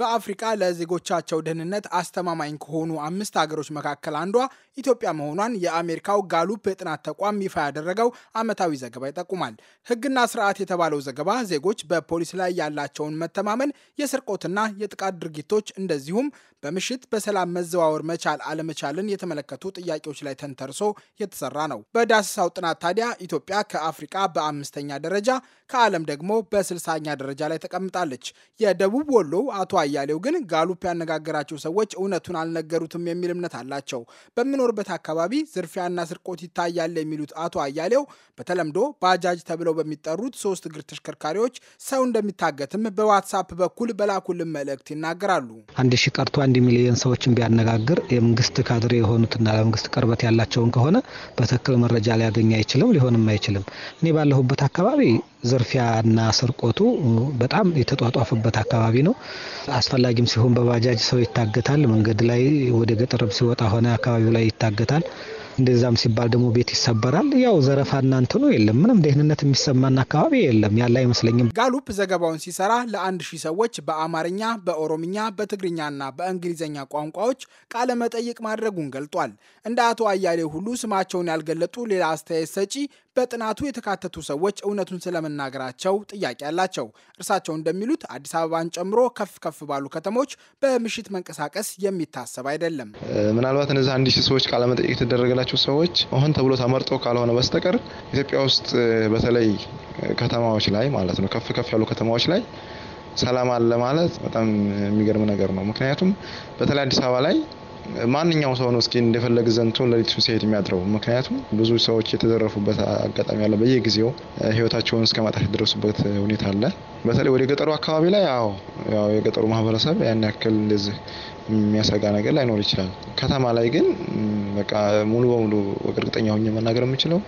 በአፍሪቃ ለዜጎቻቸው ደህንነት አስተማማኝ ከሆኑ አምስት ሀገሮች መካከል አንዷ ኢትዮጵያ መሆኗን የአሜሪካው ጋሉፕ የጥናት ተቋም ይፋ ያደረገው ዓመታዊ ዘገባ ይጠቁማል። ሕግና ስርዓት የተባለው ዘገባ ዜጎች በፖሊስ ላይ ያላቸውን መተማመን፣ የስርቆትና የጥቃት ድርጊቶች እንደዚሁም በምሽት በሰላም መዘዋወር መቻል አለመቻልን የተመለከቱ ጥያቄዎች ላይ ተንተርሶ የተሰራ ነው። በዳስሳው ጥናት ታዲያ ኢትዮጵያ ከአፍሪቃ በአምስተኛ ደረጃ ከዓለም ደግሞ በስልሳኛ ደረጃ ላይ ተቀምጣለች። የደቡብ ወሎ አቶ አያሌው ግን ጋሉፕ ያነጋገራቸው ሰዎች እውነቱን አልነገሩትም የሚል እምነት አላቸው። በምኖርበት አካባቢ ዝርፊያና ስርቆት ይታያል የሚሉት አቶ አያሌው በተለምዶ ባጃጅ ተብለው በሚጠሩት ሶስት እግር ተሽከርካሪዎች ሰው እንደሚታገትም በዋትሳፕ በኩል በላኩልን መልእክት ይናገራሉ። አንድ ሺ ቀርቶ አንድ ሚሊዮን ሰዎችን ቢያነጋግር የመንግስት ካድሬ የሆኑትና ለመንግስት ቅርበት ያላቸውን ከሆነ በትክክል መረጃ ሊያገኝ አይችልም፣ ሊሆንም አይችልም። እኔ ባለሁበት አካባቢ ዝርፊያና ስርቆቱ በጣም የተጧጧፈበት አካባቢ ነው። አስፈላጊም ሲሆን በባጃጅ ሰው ይታገታል። መንገድ ላይ ወደ ገጠርም ሲወጣ ሆነ አካባቢው ላይ ይታገታል። እንደዛም ሲባል ደግሞ ቤት ይሰበራል። ያው ዘረፋና እንትኑ የለም። ምንም ደህንነት የሚሰማን አካባቢ የለም ያለ አይመስለኝም። ጋሉፕ ዘገባውን ሲሰራ ለአንድ ሺህ ሰዎች በአማርኛ፣ በኦሮምኛ፣ በትግርኛና በእንግሊዝኛ ቋንቋዎች ቃለ መጠይቅ ማድረጉን ገልጧል። እንደ አቶ አያሌ ሁሉ ስማቸውን ያልገለጡ ሌላ አስተያየት ሰጪ በጥናቱ የተካተቱ ሰዎች እውነቱን ስለመናገራቸው ጥያቄ አላቸው። እርሳቸው እንደሚሉት አዲስ አበባን ጨምሮ ከፍ ከፍ ባሉ ከተሞች በምሽት መንቀሳቀስ የሚታሰብ አይደለም። ምናልባት እነዚህ አንድ ሺህ ሰዎች ቃለመጠይቅ የተደረገላቸው ሰዎች ሆን ተብሎ ተመርጦ ካልሆነ በስተቀር ኢትዮጵያ ውስጥ በተለይ ከተማዎች ላይ ማለት ነው ከፍ ከፍ ያሉ ከተማዎች ላይ ሰላም አለ ማለት በጣም የሚገርም ነገር ነው። ምክንያቱም በተለይ አዲስ አበባ ላይ ማንኛውም ሰው ነው እስኪ እንደፈለግ ዘንቶ ለሊቱ ሲሄድ የሚያድረው። ምክንያቱም ብዙ ሰዎች የተዘረፉበት አጋጣሚ አለ። በየጊዜው ህይወታቸውን እስከ ማጣት የደረሱበት ሁኔታ አለ። በተለይ ወደ ገጠሩ አካባቢ ላይ ያው የገጠሩ ማህበረሰብ ያን ያክል እንደዚህ የሚያሰጋ ነገር ላይኖር ይችላል። ከተማ ላይ ግን በቃ ሙሉ በሙሉ እርግጠኛ ሆኜ መናገር የምችለው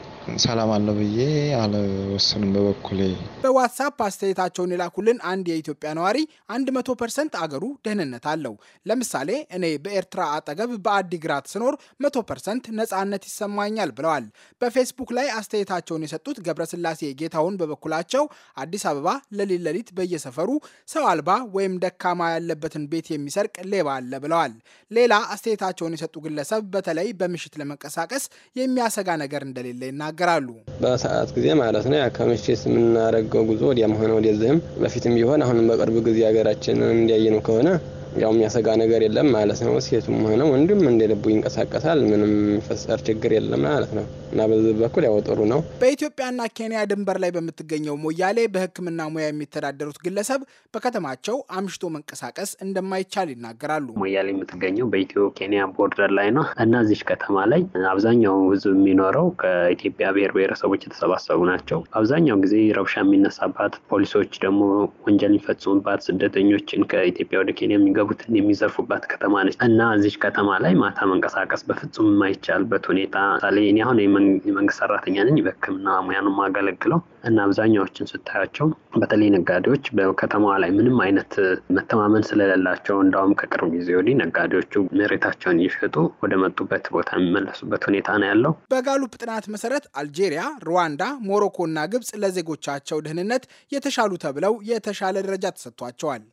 ሰላም አለ ብዬ አልወስንም በበኩሌ። በዋትሳፕ አስተያየታቸውን የላኩልን አንድ የኢትዮጵያ ነዋሪ 100 መቶ ፐርሰንት አገሩ ደህንነት አለው። ለምሳሌ እኔ በኤርትራ አጠገብ በአዲግራት ስኖር 100 ፐርሰንት ነፃነት ይሰማኛል ብለዋል። በፌስቡክ ላይ አስተያየታቸውን የሰጡት ገብረስላሴ ጌታውን በበኩላቸው አዲስ አበባ ለሊት ለሊት በየሰፈሩ ሰው አልባ ወይም ደካማ ያለበትን ቤት የሚሰርቅ ሌባ አለ አለ ብለዋል። ሌላ አስተያየታቸውን የሰጡ ግለሰብ በተለይ በምሽት ለመንቀሳቀስ የሚያሰጋ ነገር እንደሌለ ይናገራሉ። በሰዓት ጊዜ ማለት ነው ከምሽት የምናደርገው ጉዞ ወዲያም ሆነ ወደዚህም በፊትም ቢሆን አሁንም በቅርብ ጊዜ ሀገራችን እንዲያየነው ከሆነ ያው የሚያሰጋ ነገር የለም ማለት ነው። ሴቱም ሆነ ወንድም እንደ ይንቀሳቀሳል። ምንም የሚፈጠር ችግር የለም ማለት ነው እና በዚህ በኩል ያው ጥሩ ነው። በኢትዮጵያና ኬንያ ድንበር ላይ በምትገኘው ሞያሌ በሕክምና ሙያ የሚተዳደሩት ግለሰብ በከተማቸው አምሽቶ መንቀሳቀስ እንደማይቻል ይናገራሉ። ሞያሌ የምትገኘው በኢትዮ ኬንያ ቦርደር ላይ ነው እና እዚች ከተማ ላይ አብዛኛው ሕዝብ የሚኖረው ከኢትዮጵያ ብሔር ብሔረሰቦች የተሰባሰቡ ናቸው። አብዛኛው ጊዜ ረብሻ የሚነሳባት፣ ፖሊሶች ደግሞ ወንጀል የሚፈጽሙባት፣ ስደተኞችን ከኢትዮጵያ ወደ ኬንያ የሚገቡትን የሚዘርፉባት ከተማ ነች እና እዚች ከተማ ላይ ማታ መንቀሳቀስ በፍጹም የማይቻልበት ሁኔታ ሳሌ እኔ አሁን የመንግስት ሰራተኛ ነኝ፣ በሕክምና ሙያ ነው የማገለግለው እና አብዛኛዎችን ስታያቸው በተለይ ነጋዴዎች በከተማዋ ላይ ምንም አይነት መተማመን ስለሌላቸው እንዳውም ከቅርብ ጊዜ ወዲህ ነጋዴዎቹ መሬታቸውን እየሸጡ ወደ መጡበት ቦታ የሚመለሱበት ሁኔታ ነው ያለው። በጋሉፕ ጥናት መሰረት አልጄሪያ፣ ሩዋንዳ፣ ሞሮኮ እና ግብጽ ለዜጎቻቸው ደህንነት የተሻሉ ተብለው የተሻለ ደረጃ ተሰጥቷቸዋል።